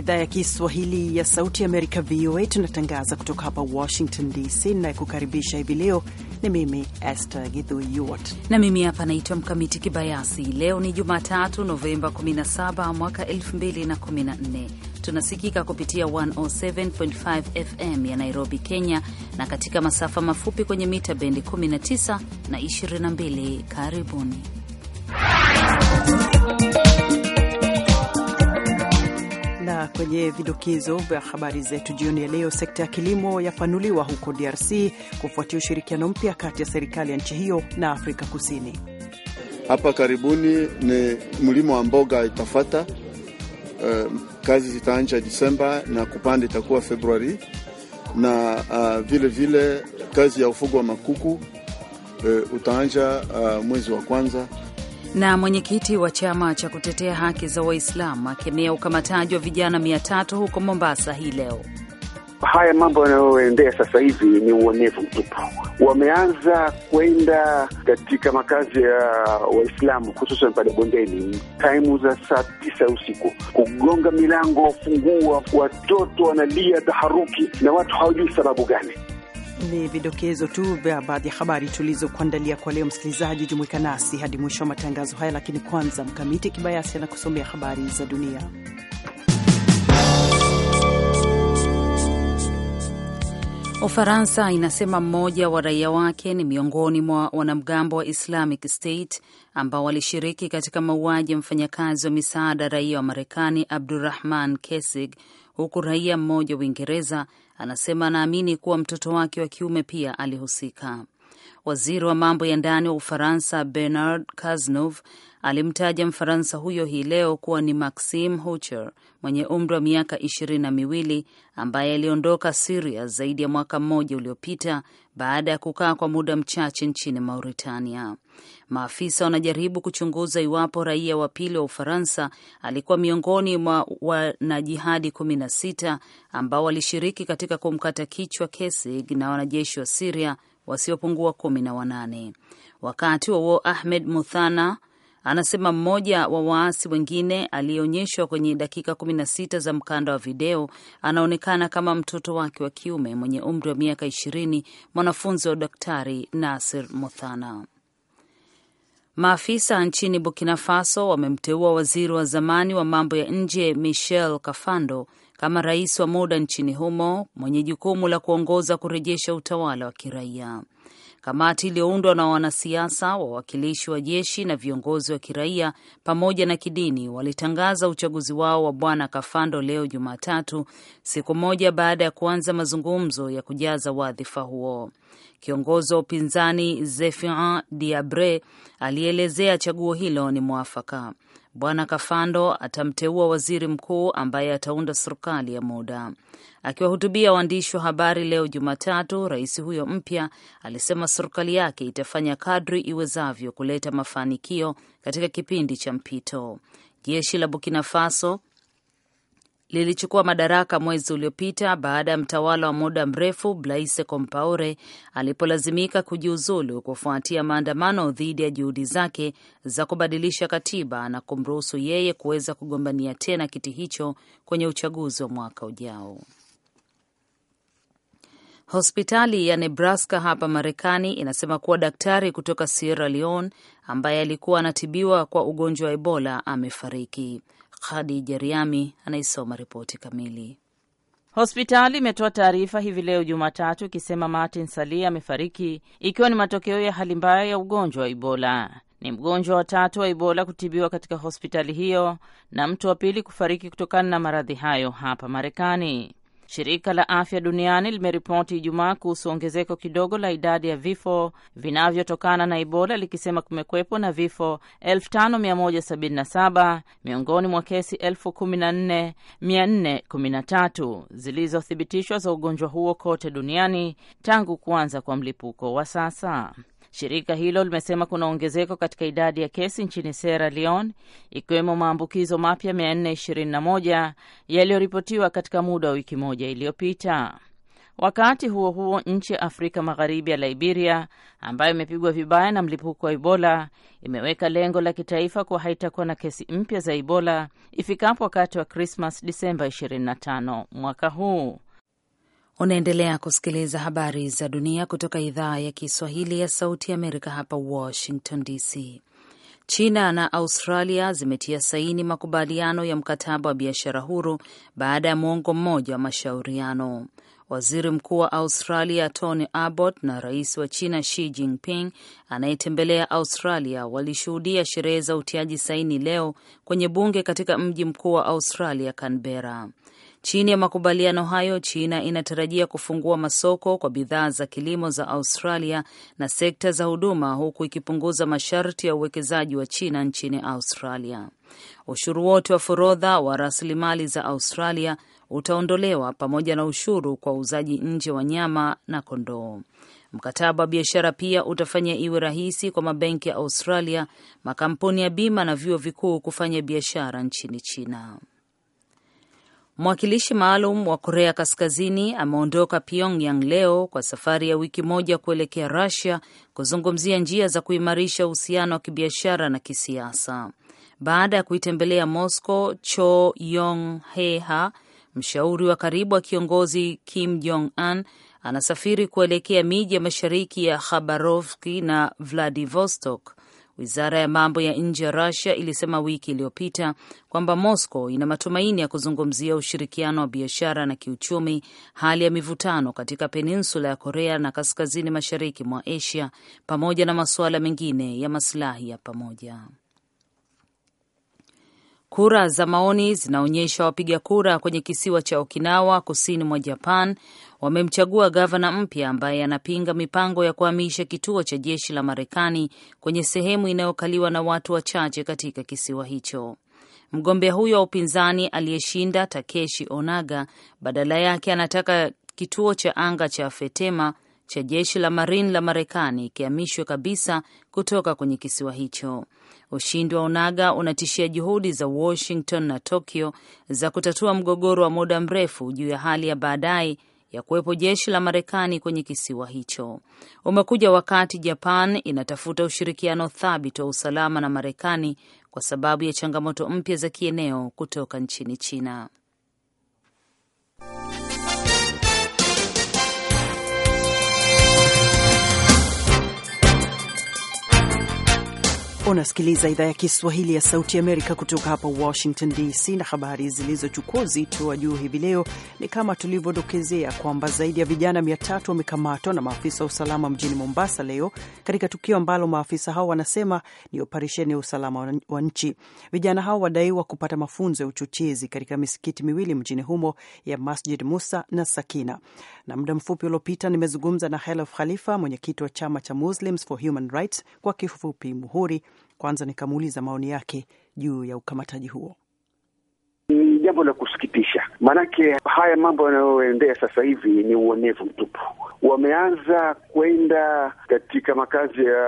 idhaa ya Kiswahili ya Sauti Amerika, VOA. Tunatangaza kutoka hapa Washington DC, nayekukaribisha hivi leo ni mimi Esther Githuiwot na mimi hapa naitwa Mkamiti Kibayasi. Leo ni Jumatatu, Novemba 17 mwaka 2014. Tunasikika kupitia 107.5 FM ya Nairobi, Kenya, na katika masafa mafupi kwenye mita bendi 19 na 22. Karibuni na kwenye vidokezo vya habari zetu jioni ya leo, sekta ya kilimo yapanuliwa huko DRC kufuatia ushirikiano mpya kati ya serikali ya nchi hiyo na Afrika Kusini. Hapa karibuni ni mlimo wa mboga itafata. Uh, eh, kazi zitaanza Disemba na kupanda itakuwa Februari na uh, vile vile kazi ya ufugo wa makuku uh, eh, utaanja uh, mwezi wa kwanza na mwenyekiti wa chama cha kutetea haki za Waislamu akemea ukamataji wa vijana mia tatu huko Mombasa hii leo. Haya mambo yanayoendea sasa hivi ni uonevu mtupu. Wameanza kwenda katika makazi ya Waislamu, hususan pale bondeni, taimu za saa tisa usiku, kugonga milango, wafungua, watoto wanalia taharuki, na watu hawajui sababu gani. Ni vidokezo tu vya baadhi ya habari tulizokuandalia kwa leo. Msikilizaji, jumuika nasi hadi mwisho wa matangazo haya, lakini kwanza, Mkamiti Kibayasi anakusomea habari za dunia. Ufaransa inasema mmoja wa raia wake ni miongoni mwa wanamgambo wa Islamic State ambao walishiriki katika mauaji ya mfanyakazi wa misaada raia wa Marekani Abdurahman Kesig, huku raia mmoja wa Uingereza Anasema anaamini kuwa mtoto wake wa kiume pia alihusika. Waziri wa mambo ya ndani wa Ufaransa Bernard Cazeneuve alimtaja Mfaransa huyo hii leo kuwa ni Maxime Hucher mwenye umri wa miaka ishirini na miwili ambaye aliondoka Siria zaidi ya mwaka mmoja uliopita baada ya kukaa kwa muda mchache nchini Mauritania. Maafisa wanajaribu kuchunguza iwapo raia wa pili wa Ufaransa alikuwa miongoni mwa wanajihadi kumi na sita ambao walishiriki katika kumkata kichwa Kesig na wanajeshi wa Siria wasiopungua kumi na wanane. Wakati wauo Ahmed Muthana anasema mmoja wa waasi wengine aliyeonyeshwa kwenye dakika sita za mkanda wa video anaonekana kama mtoto wake wa kiume mwenye umri wa miaka ishirini mwanafunzi wa daktari Nasir Muthana. Maafisa nchini Burkina Faso wamemteua waziri wa zamani wa mambo ya nje Michel Kafando kama rais wa muda nchini humo mwenye jukumu la kuongoza kurejesha utawala wa kiraia. Kamati iliyoundwa na wanasiasa, wawakilishi wa jeshi na viongozi wa kiraia pamoja na kidini walitangaza uchaguzi wao wa bwana Kafando leo Jumatatu, siku moja baada ya kuanza mazungumzo ya kujaza wadhifa huo. Kiongozi wa upinzani Zeffirin Diabre alielezea chaguo hilo ni mwafaka. Bwana Kafando atamteua waziri mkuu ambaye ataunda serikali ya muda. Akiwahutubia waandishi wa habari leo Jumatatu, rais huyo mpya alisema serikali yake itafanya kadri iwezavyo kuleta mafanikio katika kipindi cha mpito. Jeshi la Burkina Faso lilichukua madaraka mwezi uliopita baada ya mtawala wa muda mrefu Blaise Compaore alipolazimika kujiuzulu kufuatia maandamano dhidi ya juhudi zake za kubadilisha katiba na kumruhusu yeye kuweza kugombania tena kiti hicho kwenye uchaguzi wa mwaka ujao. Hospitali ya Nebraska hapa Marekani inasema kuwa daktari kutoka Sierra Leone ambaye alikuwa anatibiwa kwa ugonjwa wa Ebola amefariki. Khadija Riami anaisoma ripoti kamili. Hospitali imetoa taarifa hivi leo Jumatatu ikisema Martin Salia amefariki ikiwa ni matokeo ya hali mbaya ya ugonjwa wa Ebola. Ni mgonjwa wa tatu wa Ebola kutibiwa katika hospitali hiyo na mtu wa pili kufariki kutokana na maradhi hayo hapa Marekani. Shirika la Afya Duniani limeripoti Ijumaa kuhusu ongezeko kidogo la idadi ya vifo vinavyotokana na Ebola likisema kumekwepo na vifo 5177 miongoni mwa kesi 14413 zilizothibitishwa za ugonjwa huo kote duniani tangu kuanza kwa mlipuko wa sasa. Shirika hilo limesema kuna ongezeko katika idadi ya kesi nchini Sierra Leone, ikiwemo maambukizo mapya 421 yaliyoripotiwa katika muda wa wiki moja iliyopita. Wakati huo huo, nchi ya Afrika Magharibi ya Liberia ambayo imepigwa vibaya na mlipuko wa Ebola imeweka lengo la kitaifa kuwa haitakuwa na kesi mpya za Ebola ifikapo wakati wa Krismas, Disemba 25 mwaka huu. Unaendelea kusikiliza habari za dunia kutoka idhaa ya Kiswahili ya Sauti ya Amerika, hapa Washington DC. China na Australia zimetia saini makubaliano ya mkataba wa biashara huru baada ya mwongo mmoja wa mashauriano. Waziri mkuu wa Australia Tony Abbott na rais wa China Xi Jinping anayetembelea Australia walishuhudia sherehe za utiaji saini leo kwenye bunge katika mji mkuu wa Australia, Canberra. Chini ya makubaliano hayo, China inatarajia kufungua masoko kwa bidhaa za kilimo za Australia na sekta za huduma, huku ikipunguza masharti ya uwekezaji wa China nchini Australia. Ushuru wote wa forodha wa rasilimali za Australia utaondolewa pamoja na ushuru kwa uuzaji nje wa nyama na kondoo. Mkataba wa biashara pia utafanya iwe rahisi kwa mabenki ya Australia, makampuni ya bima na vyuo vikuu kufanya biashara nchini China. Mwakilishi maalum wa Korea Kaskazini ameondoka Pyongyang leo kwa safari ya wiki moja kuelekea Russia kuzungumzia njia za kuimarisha uhusiano wa kibiashara na kisiasa baada ya kuitembelea Moscow. Cho Yong Heha, mshauri wa karibu wa kiongozi Kim Jong Un, anasafiri kuelekea miji ya mashariki ya Khabarovsk na Vladivostok Wizara ya mambo ya nje ya Russia ilisema wiki iliyopita kwamba Moscow ina matumaini ya kuzungumzia ushirikiano wa biashara na kiuchumi, hali ya mivutano katika peninsula ya Korea na kaskazini mashariki mwa Asia, pamoja na masuala mengine ya masilahi ya pamoja. Kura za maoni zinaonyesha wapiga kura kwenye kisiwa cha Okinawa kusini mwa Japan wamemchagua gavana mpya ambaye anapinga mipango ya kuhamisha kituo cha jeshi la Marekani kwenye sehemu inayokaliwa na watu wachache katika kisiwa hicho. Mgombea huyo wa upinzani aliyeshinda Takeshi Onaga badala yake anataka kituo cha anga cha Fetema cha jeshi la Marine la Marekani ikihamishwe kabisa kutoka kwenye kisiwa hicho. Ushindi wa Onaga unatishia juhudi za Washington na Tokyo za kutatua mgogoro wa muda mrefu juu ya hali ya baadaye ya kuwepo jeshi la Marekani kwenye kisiwa hicho. Umekuja wakati Japan inatafuta ushirikiano thabiti wa usalama na Marekani kwa sababu ya changamoto mpya za kieneo kutoka nchini China. Unasikiliza idhaa ya Kiswahili ya Sauti Amerika kutoka hapa Washington DC, na habari zilizochukua uzito wa juu hivi leo ni kama tulivyodokezea kwamba zaidi ya vijana mia tatu wamekamatwa na maafisa wa usalama mjini Mombasa leo katika tukio ambalo maafisa hao wanasema ni operesheni ya usalama wa nchi. Vijana hao wadaiwa kupata mafunzo ya uchochezi katika misikiti miwili mjini humo ya Masjid Musa na Sakina. Na muda mfupi uliopita nimezungumza na Khalif Khalifa, mwenyekiti wa chama cha Muslims for Human Rights, kwa kifupi MUHURI kwanza nikamuuliza maoni yake juu ya ukamataji huo. Ni jambo la kusikitisha Maanake haya mambo yanayoendea sasa hivi ni uonevu mtupu. Wameanza kwenda katika makazi ya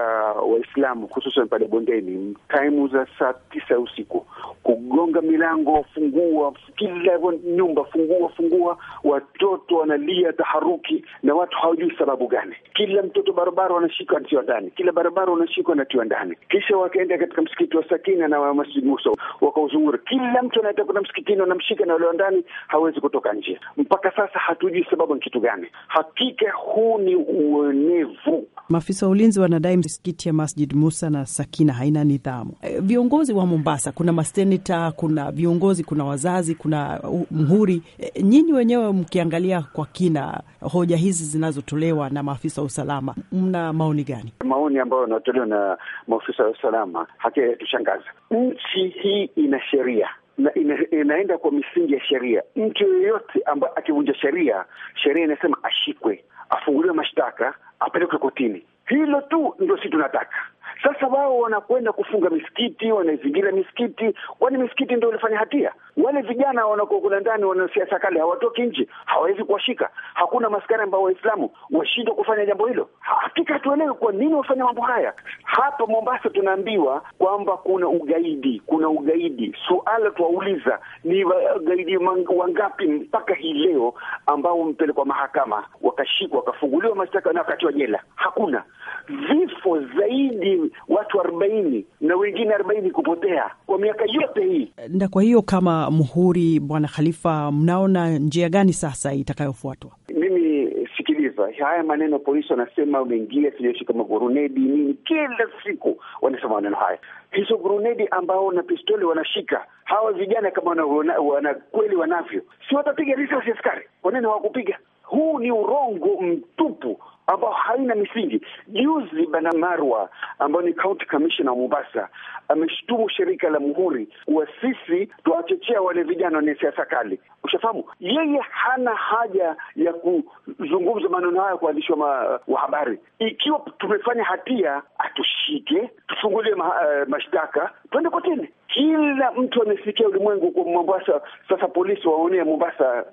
Waislamu hususan pale bondeni, taimu za saa tisa ya usiku, kugonga milango, fungua kila nyumba, fungua fungua. Watoto wanalia taharuki, na watu hawajui sababu gani. Kila mtoto barabara wanashikwa anatiwa ndani, kila barabara wanashikwa anatiwa ndani. Kisha wakaenda katika msikiti wa Sakina na wa Masjid Musa wakauzungura, kila mtu anayetaka kwenda msikitini wanamshika na wale ndani hawezi kutoka nje. Mpaka sasa hatujui sababu ni kitu gani. Hakika huu ni uonevu. Maafisa wa ulinzi wanadai misikiti ya Masjid Musa na Sakina haina nidhamu. E, viongozi wa Mombasa, kuna maseneta, kuna viongozi, kuna wazazi, kuna uh, mhuri. E, eh, nyinyi wenyewe mkiangalia kwa kina hoja hizi zinazotolewa na maafisa wa usalama, mna maoni gani? Maoni ambayo yanatolewa na maafisa wa usalama hakika yatushangaza. Nchi hii ina sheria na ina, inaenda kwa misingi ya sheria. Mtu yeyote ambaye akivunja sheria, sheria inasema ashikwe, afunguliwe mashtaka, apelekwe kotini. Hilo tu ndio sisi tunataka. Sasa wao wanakwenda kufunga misikiti, wanaizingira misikiti, kwani misikiti ndio ilifanya hatia. Wale vijana kule ndani, wanasiasa kale, hawatoki nje, hawawezi kuwashika. Hakuna maskari ambao Waislamu washindwa kufanya jambo hilo. Hakika hatuelewi kwa nini wafanya mambo haya. Hapa Mombasa tunaambiwa kwamba kuna ugaidi, kuna ugaidi. Suala tuwauliza ni wagaidi wangapi mpaka hii leo ambao wamepelekwa mahakama, wakashikwa, wakafunguliwa mashtaka na wakatiwa jela? Hakuna vifo zaidi hivi watu arobaini na wengine arobaini kupotea kwa miaka yote hii. Na kwa hiyo kama mhuri, Bwana Khalifa, mnaona njia gani sasa itakayofuatwa? Mimi sikiliza, haya maneno polisi wanasema wameingia sijeshi kama gurunedi nini, kila siku wanasema maneno haya hizo gurunedi ambao na pistoli wanashika hawa vijana, kama wana, wana kweli wanavyo, si watapiga risasi askari? Kwa nini hawakupiga? Huu ni urongo mtupu ambao haina misingi. Juzi Bana Marwa ambayo ni county commissioner wa Mombasa ameshtumu shirika la Muhuri kuwa sisi tuwachochea wale vijana wenye siasa kali. Ushafahamu, yeye hana haja ya kuzungumza maneno hayo kwa waandishi wa habari. Ikiwa tumefanya hatia, atushike, tufungulie ma, uh, mashtaka, tuende kotini. Kila mtu amesikia ulimwengu kwa Mombasa. Sasa polisi waonea Mombasa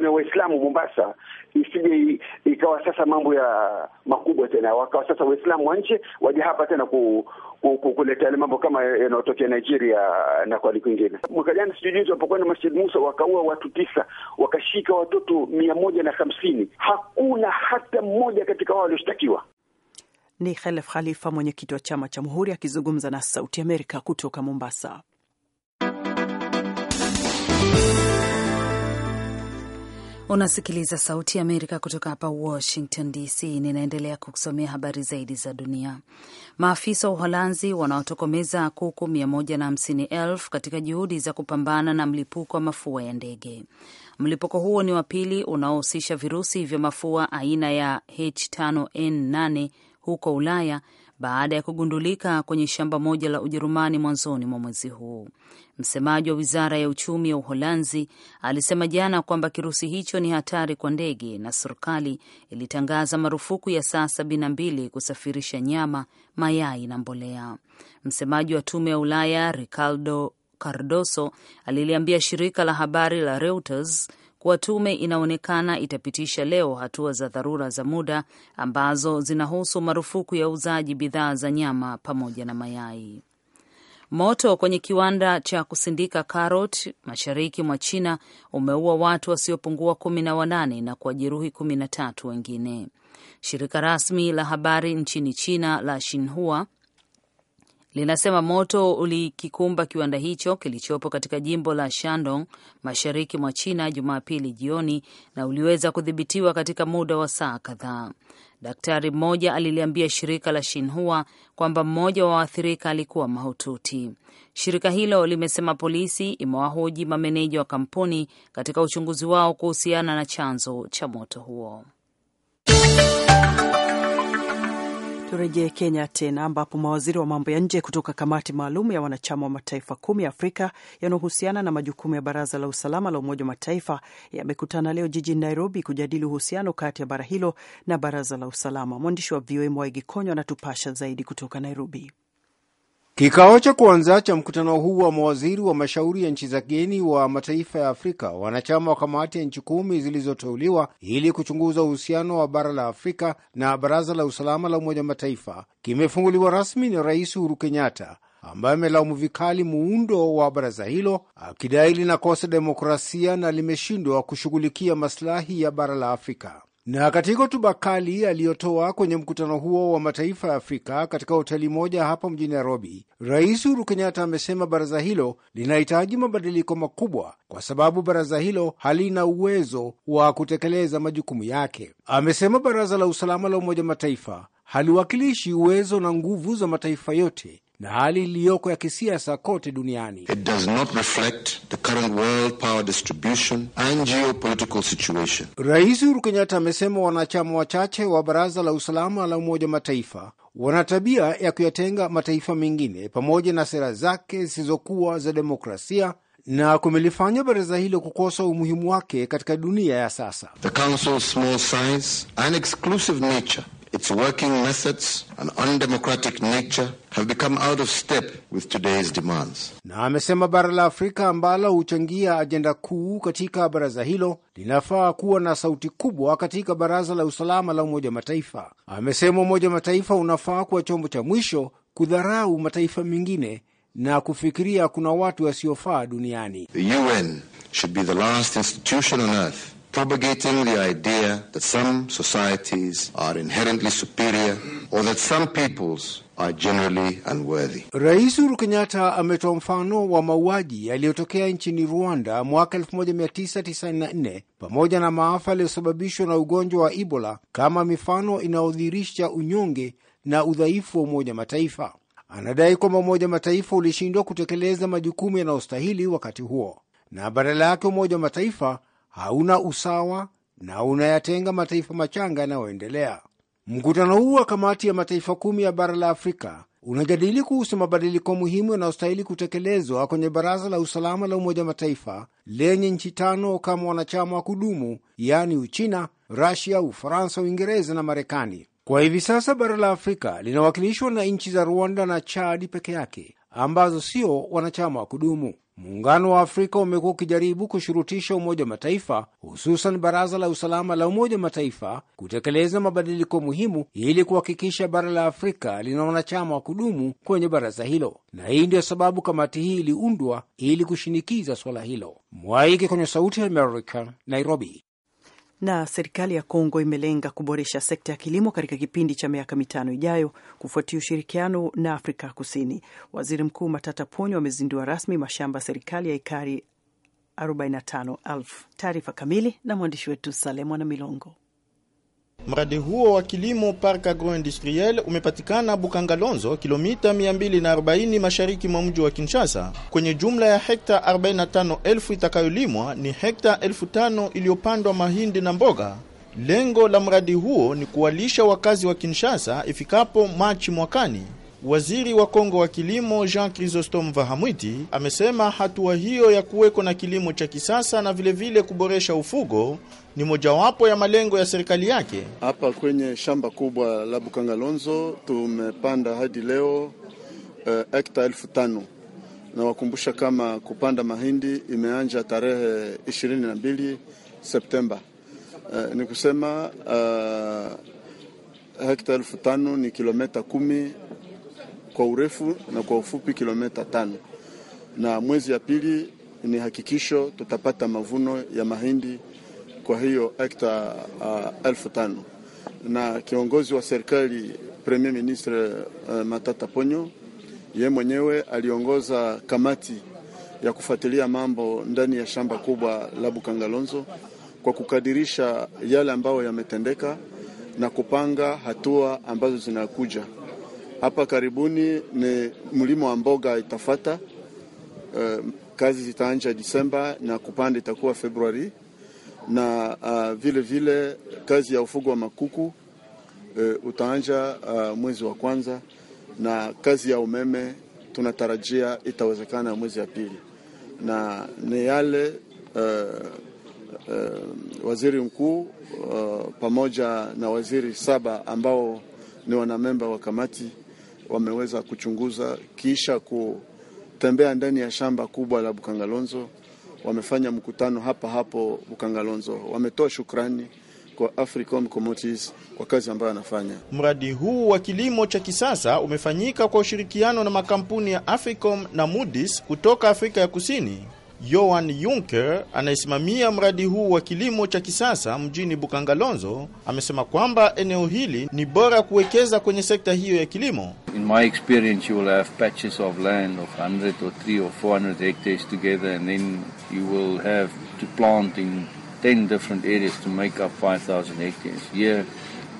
na Waislamu Mombasa, isije ikawa sasa mambo ya makubwa tena, wakawa sasa Waislamu wa nje waje hapa tena ku, ku, ku, kuleta yale mambo kama yanayotokea Nigeria na kwali kwingine. Mwaka jana sijui juzi, wapokwenda Masjid Musa wakaua watu tisa, wakashika watoto mia moja na hamsini. Hakuna hata mmoja katika wao walioshtakiwa. Ni Khalef Khalifa, mwenyekiti wa chama cha Muhuri, akizungumza na Sauti Amerika kutoka Mombasa. Unasikiliza Sauti ya Amerika kutoka hapa Washington DC. Ninaendelea kukusomea habari zaidi za dunia. Maafisa wa Uholanzi wanaotokomeza kuku 150,000 katika juhudi za kupambana na mlipuko wa mafua ya ndege. Mlipuko huo ni wa pili unaohusisha virusi vya mafua aina ya H5N8 huko Ulaya baada ya kugundulika kwenye shamba moja la Ujerumani mwanzoni mwa mwezi huu. Msemaji wa wizara ya uchumi ya Uholanzi alisema jana kwamba kirusi hicho ni hatari kwa ndege na serikali ilitangaza marufuku ya saa sabini na mbili kusafirisha nyama, mayai na mbolea. Msemaji wa tume ya Ulaya Ricardo Cardoso aliliambia shirika la habari la Reuters kuwa tume inaonekana itapitisha leo hatua za dharura za muda ambazo zinahusu marufuku ya uuzaji bidhaa za nyama pamoja na mayai. Moto kwenye kiwanda cha kusindika carot mashariki mwa China umeua watu wasiopungua kumi na wanane na kuwajeruhi kumi na tatu wengine. Shirika rasmi la habari nchini China la Shinhua linasema moto ulikikumba kiwanda hicho kilichopo katika jimbo la Shandong mashariki mwa China Jumapili jioni na uliweza kudhibitiwa katika muda wa saa kadhaa. Daktari mmoja aliliambia shirika la Shinhua kwamba mmoja wa waathirika alikuwa mahututi. Shirika hilo limesema polisi imewahoji mameneja wa kampuni katika uchunguzi wao kuhusiana na chanzo cha moto huo. Turejee Kenya tena ambapo mawaziri wa mambo ya nje kutoka kamati maalum ya wanachama wa mataifa kumi ya Afrika yanayohusiana na majukumu ya Baraza la Usalama la Umoja wa Mataifa yamekutana leo jijini Nairobi kujadili uhusiano kati ya bara hilo na Baraza la Usalama. Mwandishi wa VOA Mwaigi anatupasha zaidi kutoka Nairobi. Kikao cha kwanza cha mkutano huu wa mawaziri wa mashauri ya nchi za kigeni wa mataifa ya Afrika wanachama wa kamati ya nchi kumi zilizoteuliwa ili kuchunguza uhusiano wa bara la Afrika na Baraza la Usalama la Umoja wa Mataifa kimefunguliwa rasmi na Rais Uhuru Kenyatta ambaye amelaumu vikali muundo wa baraza hilo akidai linakosa demokrasia na limeshindwa kushughulikia masilahi ya bara la Afrika. Na katika hotuba kali aliyotoa kwenye mkutano huo wa mataifa ya Afrika katika hoteli moja hapa mjini Nairobi, Rais Uhuru Kenyatta amesema baraza hilo linahitaji mabadiliko makubwa kwa sababu baraza hilo halina uwezo wa kutekeleza majukumu yake. Amesema baraza la usalama la Umoja Mataifa haliwakilishi uwezo na nguvu za mataifa yote na hali iliyoko ya kisiasa kote duniani. It does not reflect the current world power distribution and geopolitical situation. Rais Uhuru Kenyatta amesema wanachama wachache wa Baraza la Usalama la Umoja Mataifa wana tabia ya kuyatenga mataifa mengine pamoja na sera zake zisizokuwa za demokrasia na kumelifanya baraza hilo kukosa umuhimu wake katika dunia ya sasa. The council's small size and exclusive nature its working methods and undemocratic nature have become out of step with today's demands. Na amesema bara la Afrika ambalo huchangia ajenda kuu katika baraza hilo linafaa kuwa na sauti kubwa katika baraza la usalama la Umoja Mataifa. Amesema Umoja Mataifa unafaa kuwa chombo cha mwisho kudharau mataifa mengine na kufikiria kuna watu wasiofaa duniani. The UN should be the last institution on earth propagating the idea that some societies are inherently superior or that some peoples are generally unworthy. Rais Uhuru Kenyatta ametoa mfano wa mauaji yaliyotokea nchini Rwanda mwaka 1994 pamoja na maafa yaliyosababishwa na ugonjwa wa Ebola kama mifano inayodhihirisha unyonge na udhaifu wa Umoja Mataifa. Anadai kwamba Umoja Mataifa ulishindwa kutekeleza majukumu yanayostahili wakati huo, na badala yake Umoja wa Mataifa hauna usawa na unayatenga mataifa machanga yanayoendelea. Mkutano huu wa kamati ya mataifa kumi ya bara la Afrika unajadili kuhusu mabadiliko muhimu yanayostahili kutekelezwa kwenye Baraza la Usalama la Umoja Mataifa lenye nchi tano kama wanachama wa kudumu, yaani Uchina, Rusia, Ufaransa, Uingereza na Marekani. Kwa hivi sasa bara la Afrika linawakilishwa na nchi za Rwanda na Chadi peke yake ambazo sio wanachama wa kudumu. Muungano wa Afrika umekuwa ukijaribu kushurutisha Umoja wa Mataifa, hususan Baraza la Usalama la Umoja wa Mataifa, kutekeleza mabadiliko muhimu ili kuhakikisha bara la Afrika lina wanachama wa kudumu kwenye baraza hilo, na hii ndiyo sababu kamati hii iliundwa ili kushinikiza swala hilo. Mwaike kwenye Sauti ya Amerika, Nairobi. Na serikali ya Kongo imelenga kuboresha sekta ya kilimo katika kipindi cha miaka mitano ijayo kufuatia ushirikiano na Afrika Kusini. Waziri Mkuu Matata Ponyo amezindua rasmi mashamba ya serikali ya ikari 45,000. Taarifa kamili na mwandishi wetu Salema na Milongo. Mradi huo wa kilimo park agro industriel umepatikana Bukangalonzo, kilomita 240 mashariki mwa mji wa Kinshasa. Kwenye jumla ya hekta 45,000 itakayolimwa ni hekta 5,000 iliyopandwa mahindi na mboga. Lengo la mradi huo ni kuwalisha wakazi wa Kinshasa ifikapo Machi mwakani. Waziri wa Kongo wa kilimo Jean Chrysostome Vahamwiti amesema hatua hiyo ya kuweko na kilimo cha kisasa na vilevile vile kuboresha ufugo ni mojawapo ya malengo ya serikali yake. Hapa kwenye shamba kubwa la Bukangalonzo tumepanda hadi leo eh, hekta uh, elfu tano Nawakumbusha kama kupanda mahindi imeanja tarehe 22 Septemba. Eh, ni kusema eh, hekta elfu tano ni kilometa kumi kwa urefu na kwa ufupi kilomita tano, na mwezi ya pili ni hakikisho tutapata mavuno ya mahindi kwa hiyo hekta uh, elfu tano na kiongozi wa serikali Premier Ministre uh, Matata Ponyo ye mwenyewe aliongoza kamati ya kufuatilia mambo ndani ya shamba kubwa la Bukangalonzo kwa kukadirisha yale ambayo yametendeka na kupanga hatua ambazo zinakuja. Hapa karibuni ni mlimo wa mboga itafata. Uh, kazi zitaanja Disemba na kupanda itakuwa Februari na uh, vile vile kazi ya ufugo wa makuku uh, eh, utaanja uh, ah, mwezi wa kwanza na kazi ya umeme tunatarajia itawezekana mwezi ya pili, na ni yale uh, uh, waziri mkuu uh, pamoja na waziri saba ambao ni wanamemba wa kamati wameweza kuchunguza kisha kutembea ndani ya shamba kubwa la Bukangalonzo. Wamefanya mkutano hapa hapo Bukangalonzo, wametoa shukrani kwa Africom Commodities kwa kazi ambayo anafanya. Mradi huu wa kilimo cha kisasa umefanyika kwa ushirikiano na makampuni ya Africom na Moody's kutoka Afrika ya Kusini. Johan Juncker anayesimamia mradi huu wa kilimo cha kisasa mjini Bukangalonzo amesema kwamba eneo hili ni bora kuwekeza kwenye sekta hiyo ya kilimo. In my experience you will have patches of land of 100 or 3 or 400 hectares together and then you will have to plant in 10 different areas to make up 5000 hectares. Here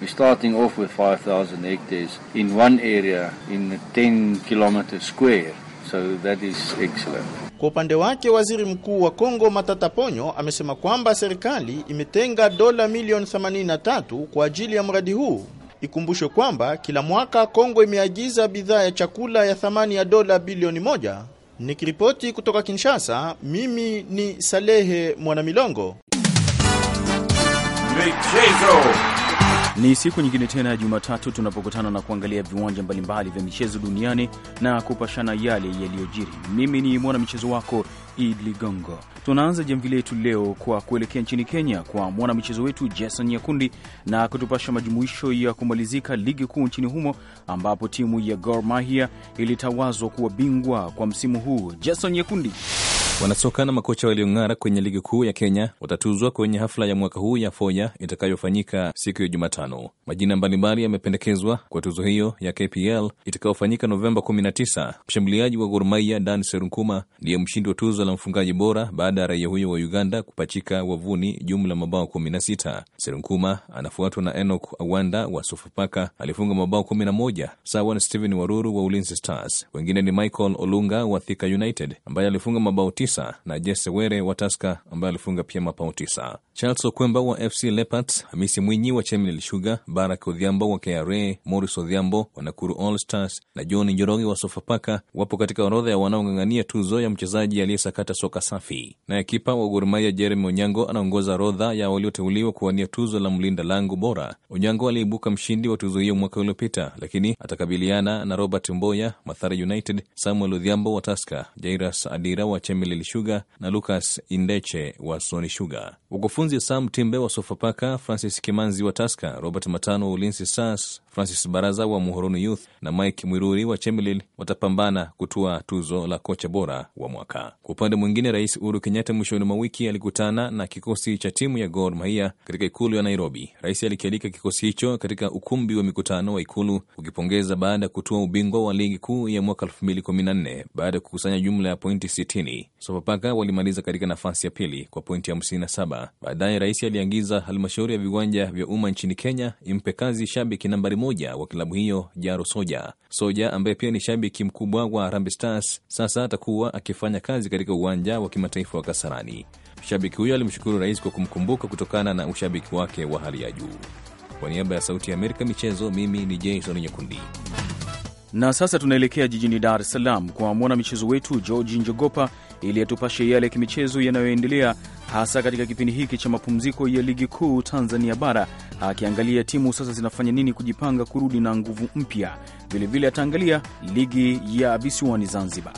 we starting off with 5000 hectares in one area in a 10 kilometer square. So that is excellent. Kwa upande wake, waziri mkuu wa Kongo Matata Ponyo amesema kwamba serikali imetenga dola milioni 83 kwa ajili ya mradi huu. Ikumbushwe kwamba kila mwaka Kongo imeagiza bidhaa ya chakula ya thamani ya dola bilioni moja. Nikiripoti kutoka Kinshasa, mimi ni Salehe Mwanamilongo. Michezo. Ni siku nyingine tena ya Jumatatu tunapokutana na kuangalia viwanja mbalimbali vya michezo duniani na kupashana yale yaliyojiri. Mimi ni mwanamichezo wako Id Ligongo. Tunaanza jamvi letu leo kwa kuelekea nchini Kenya kwa mwanamichezo wetu Jason Nyakundi na kutupasha majumuisho ya kumalizika ligi kuu nchini humo ambapo timu ya Gor Mahia ilitawazwa kuwa bingwa kwa msimu huu. Jason Nyakundi. Wanasoka na makocha waliong'ara kwenye ligi kuu ya Kenya watatuzwa kwenye hafla ya mwaka huu ya Foya itakayofanyika siku ya Jumatano. Majina mbalimbali yamependekezwa kwa tuzo hiyo ya KPL itakayofanyika Novemba 19. Mshambuliaji wa Gor Mahia Dan Serunkuma ndiye mshindi wa tuzo la mfungaji bora baada ya raia huyo wa Uganda kupachika wavuni jumla mabao 16. Serunkuma anafuatwa na enok Awanda wa Sofapaka alifunga mabao 11 sawa na Steven Waruru wa Ulinzi Stars. Wengine ni Michael Olunga wa Thika United ambaye alifunga mabao tisa na Jesse Were wa Taska ambaye alifunga pia mapao tisa. Charles Okwemba wa FC Leopards, Hamisi Mwinyi wa Cheminel Sugar, Barak Odhiambo wa KRA, Morris Odhiambo wa Nakuru All Stars na John Njorogi wa Sofapaka wapo katika orodha ya wanaong'ang'ania tuzo ya mchezaji aliyesakata soka safi. Naye kipa wa Gor Mahia Jeremy Onyango anaongoza orodha ya walioteuliwa kuwania tuzo la mlinda lango bora. Onyango aliibuka mshindi wa tuzo hiyo mwaka uliopita, lakini atakabiliana na Robert Mboya Mathare United, Samuel Odhiambo wa Taska, Jairas Adira wa Cheminel Lil Sugar na Lucas Indeche wa Sony Sugar. Wakufunzi Sam Timbe wa Sofapaka, Francis Kimanzi wa Taska, Robert Matano wa Ulinzi Stars, Francis Baraza wa Muhoroni Youth na Mike Mwiruri wa Chemelil watapambana kutua tuzo la kocha bora wa mwaka. Kwa upande mwingine, Rais Uhuru Kenyatta mwishoni mwa wiki alikutana na kikosi cha timu ya Gor Mahia katika ikulu ya Nairobi. Rais alikialika kikosi hicho katika ukumbi wa mikutano wa ikulu kukipongeza baada ya kutua ubingwa wa ligi kuu ya mwaka 2014 baada ya kukusanya jumla ya pointi 60. Sofapaka walimaliza katika nafasi ya pili kwa pointi 57. Baadaye rais aliagiza halmashauri ya viwanja vya umma nchini Kenya impe kazi shabiki nambari mmoja wa klabu hiyo Jaro Soja. Soja ambaye pia ni shabiki mkubwa wa Harambee Stars sasa atakuwa akifanya kazi katika uwanja wa kimataifa wa Kasarani. Shabiki huyo alimshukuru rais kwa kumkumbuka kutokana na ushabiki wake wa hali ya juu. Kwa niaba ya Sauti ya Amerika michezo, mimi ni Jason nyekundi Na sasa tunaelekea jijini Dar es Salaam kwa mwanamichezo wetu Georgi Njogopa ili atupashe yale ya kimichezo yanayoendelea hasa katika kipindi hiki cha mapumziko ya ligi kuu Tanzania Bara, akiangalia timu sasa zinafanya nini kujipanga kurudi na nguvu mpya. Vilevile ataangalia ligi ya visiwani Zanzibar.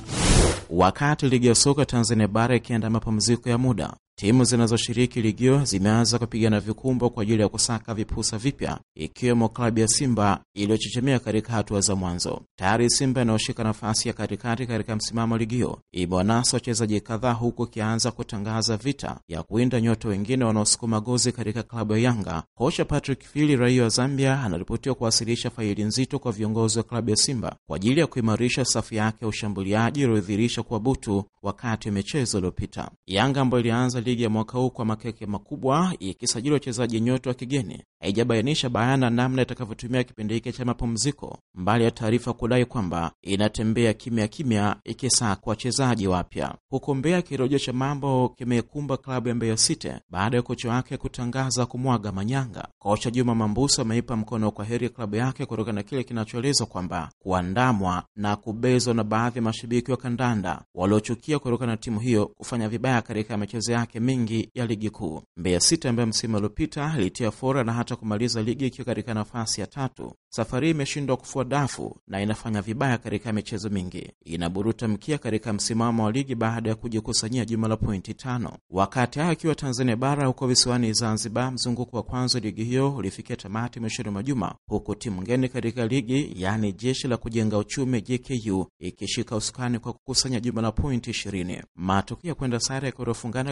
Wakati ligi ya soka Tanzania Bara ikiandaa mapumziko ya muda, Timu zinazoshiriki ligio zimeanza kupigana vikumbo kwa ajili ya kusaka vipusa vipya ikiwemo klabu ya Simba iliyochechemea katika hatua za mwanzo. Tayari Simba inayoshika nafasi ya katikati katika msimamo ligio imewanasa wachezaji kadhaa, huku ikianza kutangaza vita ya kuinda nyota wengine wanaosukuma gozi katika klabu ya Yanga. Kocha Patrick Fili, raia wa Zambia, anaripotiwa kuwasilisha faili nzito kwa viongozi wa klabu ya Simba kwa ajili ya kuimarisha safu yake ya ushambuliaji iliyodhihirisha kuwa butu wakati wa michezo iliyopita. Yanga ambayo ilianza ligi ya mwaka huu kwa makeke makubwa, ikisajili wachezaji nyoto wa kigeni, haijabainisha bayana namna itakavyotumia kipindi hiki cha mapumziko, mbali ya taarifa kudai kwamba inatembea kimya kimya ikisaka wachezaji wapya. Huko mbea kirojo cha mambo kimekumba klabu ya Mbeya City baada ya kocha wake kutangaza kumwaga manyanga. Kocha Juma Mambusa ameipa mkono wa ya klabu yake kutokana na kile kinachoelezwa kwamba kuandamwa na kubezwa na baadhi ya mashabiki wa kandanda waliochukia kutokana na timu hiyo kufanya vibaya katika michezo yake yake mengi ya ligi kuu. Mbeya City ambaye msimu uliopita ilitia fora na hata kumaliza ligi ikiwa katika nafasi ya tatu, safari hii imeshindwa kufua dafu na inafanya vibaya katika michezo mingi, inaburuta mkia katika msimamo wa ligi baada ya kujikusanyia jumla la pointi tano. Wakati hayo akiwa Tanzania Bara, huko visiwani Zanzibar, mzunguko wa kwanza ligi hiyo ulifikia tamati mwishoni mwa juma, huku timu ngeni katika ligi yaani Jeshi la Kujenga Uchumi JKU ikishika usukani kwa kukusanya jumla la pointi ishirini. Matokeo ya kwenda sare ya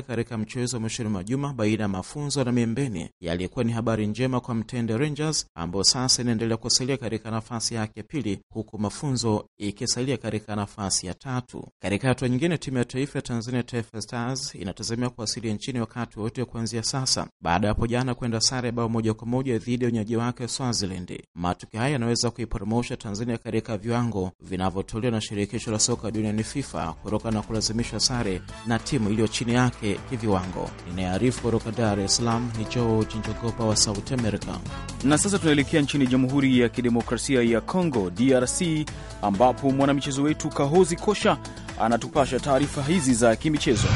katika katika mchezo wa mwishoni mwa juma baina ya Mafunzo na Miembeni yalikuwa ni habari njema kwa Mtende Rangers ambao sasa inaendelea kusalia katika nafasi yake ya pili, huku Mafunzo ikisalia katika nafasi ya tatu. Katika hatua nyingine, timu ya taifa ya Tanzania, Taifa Stars, inatazamia kuwasili nchini wakati wote kuanzia sasa, baada ya hapo jana kwenda sare ya bao moja kwa moja dhidi ya wenyeji wake Swaziland. Matukio haya yanaweza kuipromosha Tanzania katika viwango vinavyotolewa na shirikisho la soka duniani FIFA kutokana na kulazimishwa sare na timu iliyo chini yake viwango. Inayoarifu kutoka Dar es Salaam ni Choo Chinchogopa wa Sauti America. Na sasa tunaelekea nchini Jamhuri ya Kidemokrasia ya Kongo, DRC, ambapo mwanamichezo wetu Kahozi Kosha anatupasha taarifa hizi za kimichezo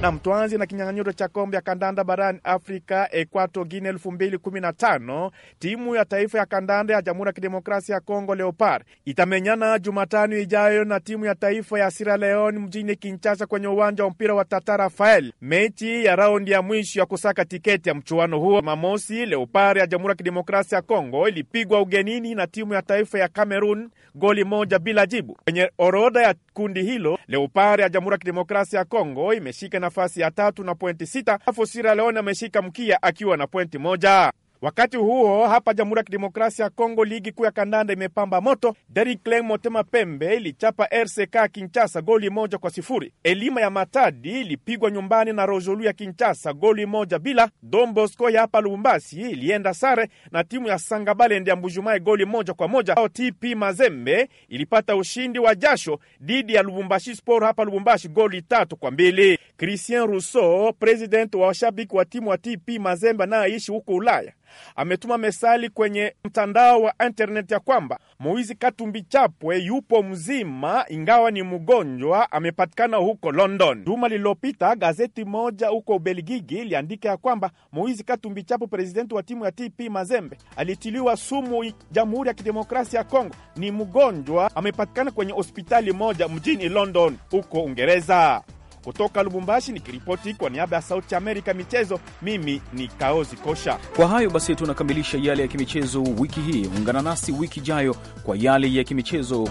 na mtwanzi na kinyang'anyiro cha kombe ya kandanda barani Afrika, Ekwato Guine elfu mbili kumi na tano. Timu ya taifa ya kandanda ya Jamhuri ya Kidemokrasia ya Kongo Leopard itamenyana Jumatano ijayo na timu ya taifa ya Sierra Leone mjini Kinshasa kwenye uwanja wa mpira wa Tata Rafael, mechi ya raundi ya mwisho ya kusaka tiketi ya mchuano huo. Mamosi, Leopard ya Jamhuri ya Kidemokrasia ya Kongo ilipigwa ugenini na timu ya taifa ya Cameroon goli moja bila jibu. Kwenye orodha ya kundi hilo, Leopard ya Jamhuri ya Kidemokrasia ya Kongo imeshika na nafasi ya tatu na pointi sita, alafu Sierra Leone ameshika mkia akiwa na pointi moja. Wakati huo hapa Jamhuri ya Kidemokrasia ya Kongo, ligi kuu ya kandanda imepamba moto. deri clen Motema Pembe ilichapa RCK Kinshasa goli moja kwa sifuri. Elima ya Matadi ilipigwa nyumbani na Rojolu ya Kinshasa goli moja bila. Don Bosco ya hapa Lubumbashi ilienda sare na timu ya sangabalend ya mbujumai goli moja kwa moja. TP Mazembe ilipata ushindi wa jasho dhidi ya Lubumbashi Sport hapa Lubumbashi goli tatu kwa mbili. Christian Rousseau, president wa washabiki wa timu wa TP Mazembe anayeishi huko Ulaya ametuma mesali kwenye mtandao wa internet ya kwamba Moizi Katumbi Chapwe yupo mzima, ingawa ni mgonjwa, amepatikana huko London. Juma lililopita gazeti moja huko Ubelgiji iliandika ya kwamba Moizi Katumbi Chapwe, prezidenti wa timu ya TP Mazembe, alitiliwa sumu Jamhuri ya Kidemokrasia ya Kongo. Ni mgonjwa, amepatikana kwenye hospitali moja mjini London huko Ungereza. Kutoka Lubumbashi nikiripoti kwa niaba ya Sauti Amerika michezo, mimi ni Kaozi Kosha. Kwa hayo basi, tunakamilisha yale ya kimichezo wiki hii. Ungana nasi wiki ijayo kwa yale ya kimichezo.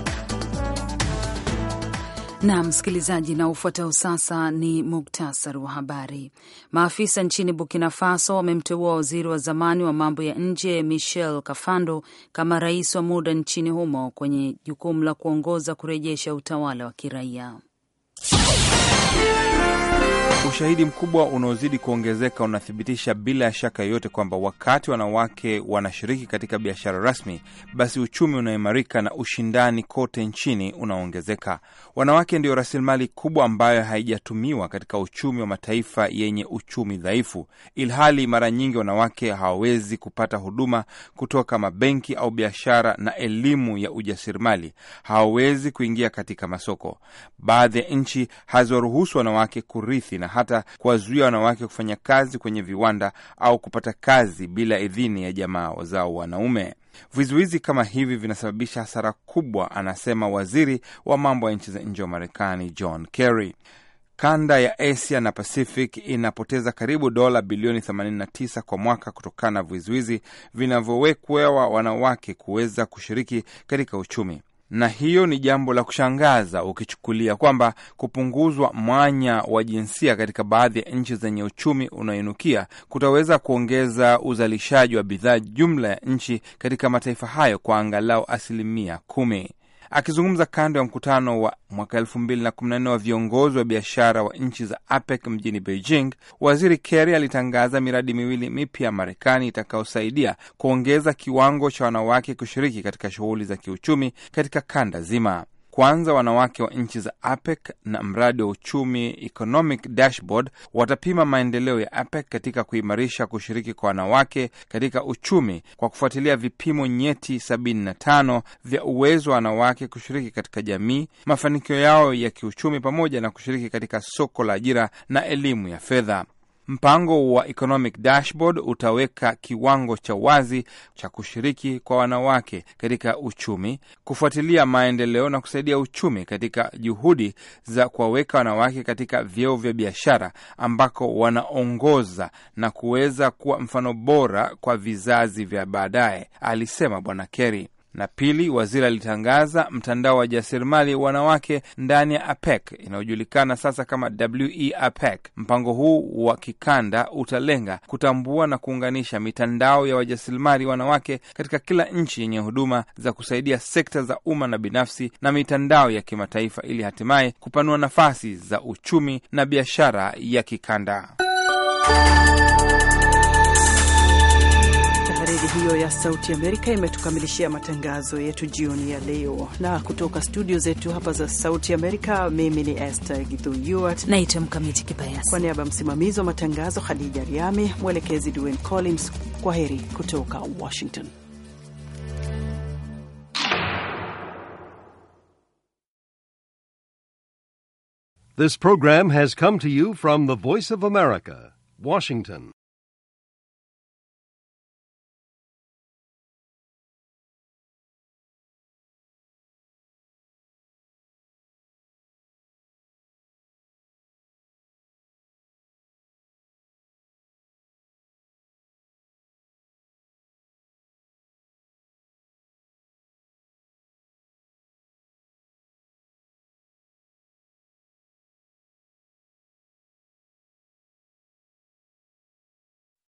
Na msikilizaji, na ufuatao sasa ni muktasari wa habari. Maafisa nchini Burkina Faso wamemteua waziri wa zamani wa mambo ya nje Michel Kafando kama rais wa muda nchini humo kwenye jukumu la kuongoza kurejesha utawala wa kiraia. Bye. Ushahidi mkubwa unaozidi kuongezeka unathibitisha bila shaka yoyote kwamba wakati wanawake wanashiriki katika biashara rasmi, basi uchumi unaimarika na ushindani kote nchini unaongezeka. Wanawake ndio rasilimali kubwa ambayo haijatumiwa katika uchumi wa mataifa yenye uchumi dhaifu, ilhali mara nyingi wanawake hawawezi kupata huduma kutoka mabenki au biashara na elimu ya ujasirimali hawawezi kuingia katika masoko. Baadhi ya nchi haziwaruhusu wanawake kurithi na hata kuwazuia wanawake kufanya kazi kwenye viwanda au kupata kazi bila idhini ya jamaa zao wanaume. Vizuizi kama hivi vinasababisha hasara kubwa, anasema waziri wa mambo ya nchi za nje wa Marekani John Kerry. Kanda ya Asia na Pacific inapoteza karibu dola bilioni 89 kwa mwaka kutokana na vizuizi vinavyowekwewa wanawake kuweza kushiriki katika uchumi na hiyo ni jambo la kushangaza ukichukulia kwamba kupunguzwa mwanya wa jinsia katika baadhi ya nchi zenye uchumi unaoinukia kutaweza kuongeza uzalishaji wa bidhaa jumla ya nchi katika mataifa hayo kwa angalau asilimia kumi. Akizungumza kando ya mkutano wa mwaka 2014 wa viongozi wa biashara wa nchi za APEC mjini Beijing, waziri Kerry alitangaza miradi miwili mipya ya Marekani itakayosaidia kuongeza kiwango cha wanawake kushiriki katika shughuli za kiuchumi katika kanda zima. Kwanza, wanawake wa nchi za APEC na mradi wa uchumi Economic Dashboard watapima maendeleo ya APEC katika kuimarisha kushiriki kwa wanawake katika uchumi kwa kufuatilia vipimo nyeti 75 vya uwezo wa wanawake kushiriki katika jamii, mafanikio yao ya kiuchumi, pamoja na kushiriki katika soko la ajira na elimu ya fedha. Mpango wa Economic Dashboard utaweka kiwango cha wazi cha kushiriki kwa wanawake katika uchumi, kufuatilia maendeleo na kusaidia uchumi katika juhudi za kuwaweka wanawake katika vyeo vya biashara ambako wanaongoza na kuweza kuwa mfano bora kwa vizazi vya baadaye, alisema Bwana Kerry na pili, waziri alitangaza mtandao wa jasiriamali wanawake ndani ya APEC inayojulikana sasa kama e APEC. Mpango huu wa kikanda utalenga kutambua na kuunganisha mitandao ya wajasiriamali wanawake katika kila nchi yenye huduma za kusaidia sekta za umma na binafsi na mitandao ya kimataifa ili hatimaye kupanua nafasi za uchumi na biashara ya kikanda. hiyo ya Sauti Amerika imetukamilishia matangazo yetu jioni ya leo, na kutoka studio zetu hapa za Sauti Amerika, mimi ni Esther naitwa Mkamiti Kibayasi, kwa niaba ya msimamizi wa matangazo Khadija Riami, mwelekezi Dwayne Collins. Kwa heri kutoka Washington. This program has come to you from the Voice of America, Washington.